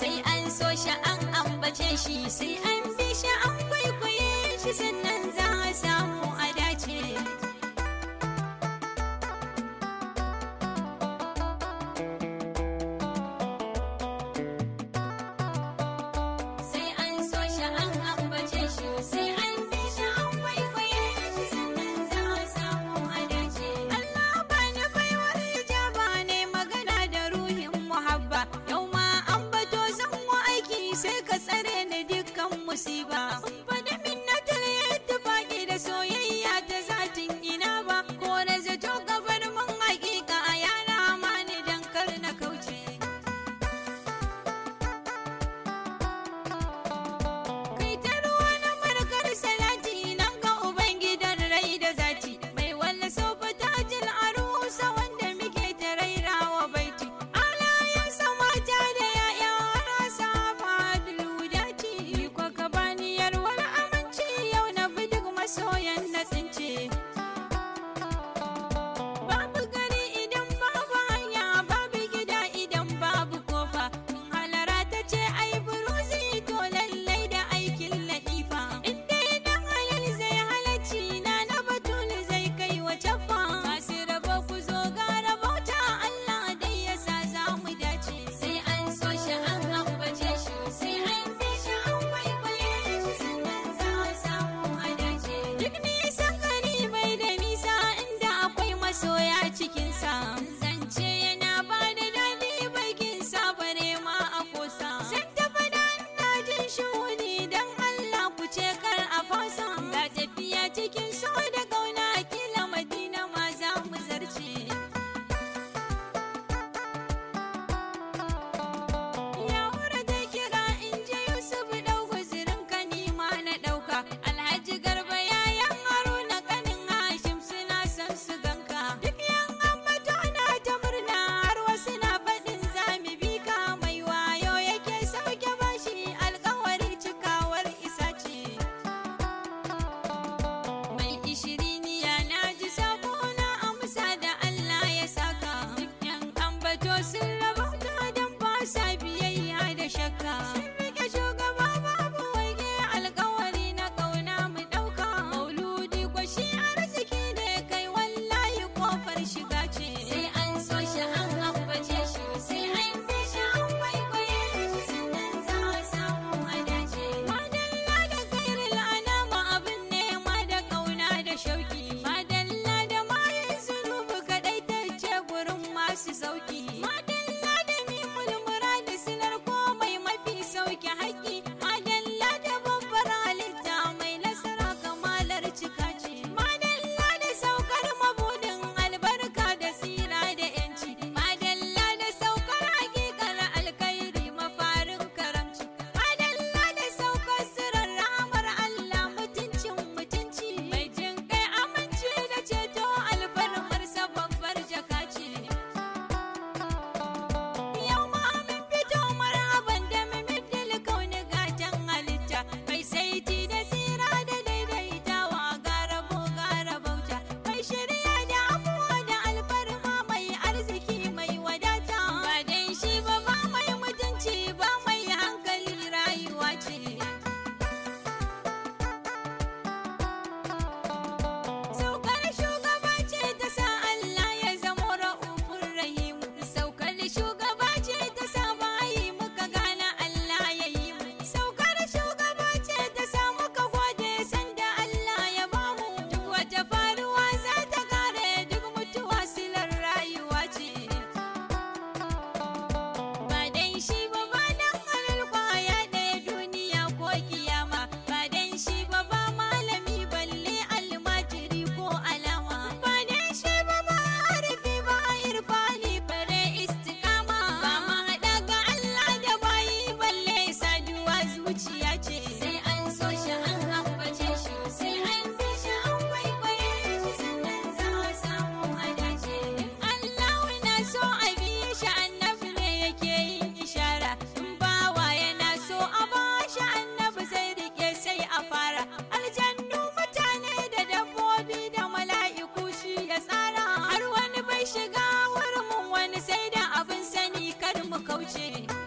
sai an so shi an ambace shi sai an bi shi an kwaikwaye shi sannan za a samu sai ka tsaya kauce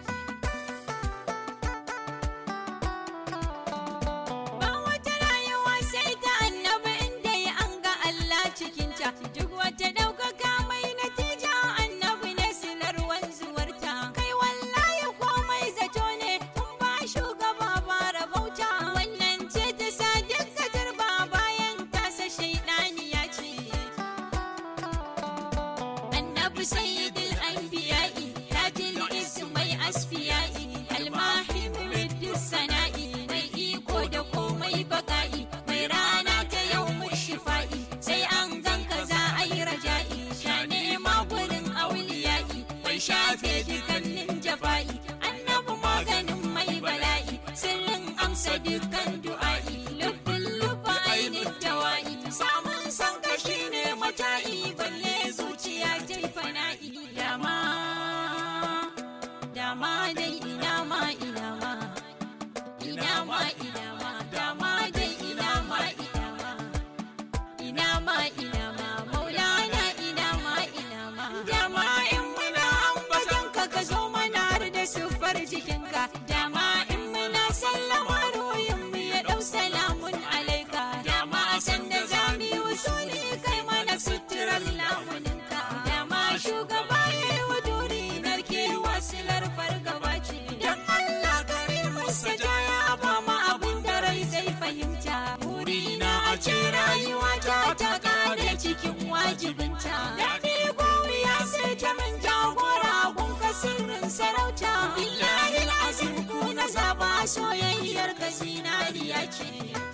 wajibinta daɗi komi ya sai ta min jagora gun ka sarauta illahi azim ku na zaba soyayyar ka zinariya ce